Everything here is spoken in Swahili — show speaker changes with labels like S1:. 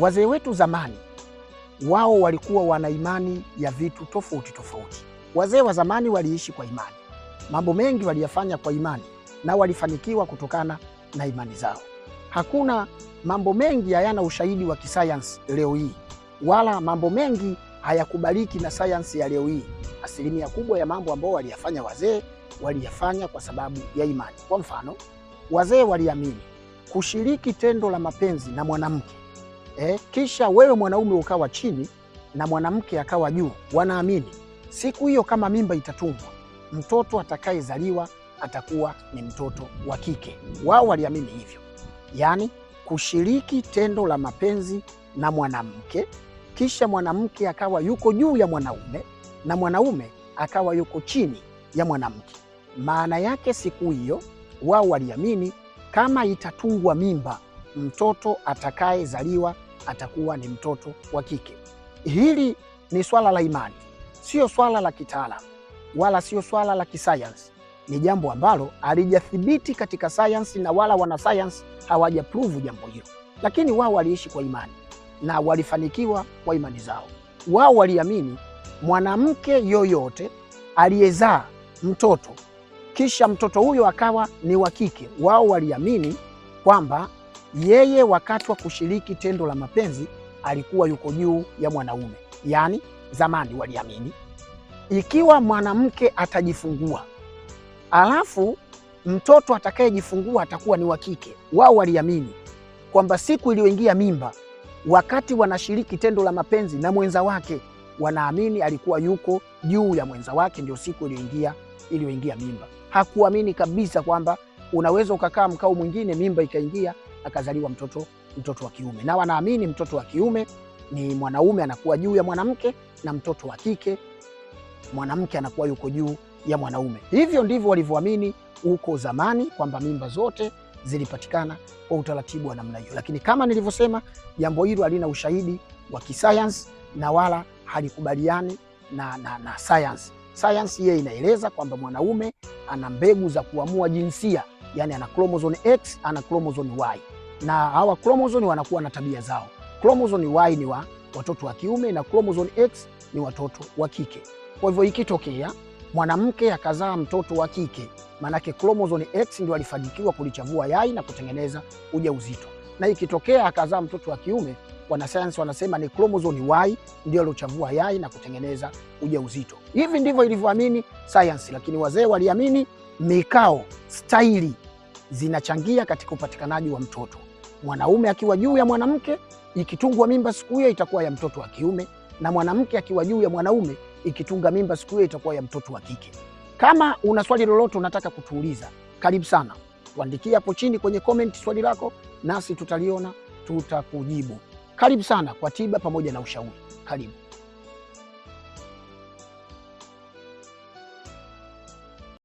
S1: Wazee wetu zamani wao walikuwa wana imani ya vitu tofauti tofauti. Wazee wa zamani waliishi kwa imani, mambo mengi waliyafanya kwa imani na walifanikiwa kutokana na imani zao. Hakuna mambo mengi hayana ushahidi wa kisayansi leo hii, wala mambo mengi hayakubaliki na sayansi ya leo hii. Asilimia kubwa ya mambo ambao waliyafanya wazee waliyafanya kwa sababu ya imani. Kwa mfano, wazee waliamini kushiriki tendo la mapenzi na mwanamke eh, kisha wewe mwanaume ukawa chini na mwanamke akawa juu, wanaamini siku hiyo kama mimba itatungwa, mtoto atakayezaliwa atakuwa ni mtoto wa kike. Wao waliamini hivyo, yaani kushiriki tendo la mapenzi na mwanamke, kisha mwanamke akawa yuko juu ya mwanaume na mwanaume akawa yuko chini ya mwanamke. Maana yake siku hiyo wao waliamini kama itatungwa mimba, mtoto atakayezaliwa atakuwa ni mtoto wa kike. Hili ni swala la imani, sio swala la kitaalamu wala sio swala la kisayansi. Ni jambo ambalo halijathibiti katika sayansi na wala wanasayansi hawajapruvu jambo hilo, lakini wao waliishi kwa imani na walifanikiwa kwa imani zao. Wao waliamini mwanamke yoyote aliyezaa mtoto kisha mtoto huyo akawa ni wa kike, wao waliamini kwamba yeye wakati wa kushiriki tendo la mapenzi alikuwa yuko juu ya mwanaume, yaani zamani waliamini ikiwa mwanamke atajifungua alafu mtoto atakayejifungua atakuwa ni wa kike, wao waliamini kwamba siku iliyoingia mimba, wakati wanashiriki tendo la mapenzi na mwenza wake, wanaamini alikuwa yuko juu ya mwenza wake, ndio siku iliyoingia iliyoingia mimba. Hakuamini kabisa kwamba unaweza ukakaa mkao mwingine mimba ikaingia akazaliwa mtoto, mtoto wa kiume, na wanaamini mtoto wa kiume ni mwanaume anakuwa juu ya mwanamke, na mtoto wa kike mwanamke anakuwa yuko juu ya mwanaume. Hivyo ndivyo walivyoamini huko zamani kwamba mimba zote zilipatikana kwa utaratibu wa namna hiyo, lakini kama nilivyosema, jambo hilo halina ushahidi wa kisayansi na wala halikubaliani na, na, na sayansi. Sayansi yeye inaeleza kwamba mwanaume ana mbegu za kuamua jinsia yani ana chromosome X, ana chromosome Y, na hawa chromosome wanakuwa na tabia zao. Chromosome Y ni wa watoto wa kiume na chromosome X ni watoto wa kike. Kwa hivyo ikitokea mwanamke akazaa mtoto wa kike, maanake chromosome X ndio alifanikiwa kulichavua yai na kutengeneza ujauzito, na ikitokea akazaa mtoto wa kiume, wanasayansi wanasema ni chromosome Y ndio alochavua yai na kutengeneza ujauzito. Hivi ndivyo ilivyoamini sayansi, lakini wazee waliamini mikao, staili zinachangia katika upatikanaji wa mtoto. Mwanaume akiwa juu ya mwanamke, ikitungwa mimba siku hiyo itakuwa ya mtoto wa kiume, na mwanamke akiwa juu ya mwanaume, ikitunga mimba siku hiyo itakuwa ya mtoto wa kike. Kama una swali lolote unataka kutuuliza, karibu sana, tuandikie hapo chini kwenye comment swali lako, nasi tutaliona, tutakujibu. Karibu sana kwa tiba pamoja na ushauri. Karibu.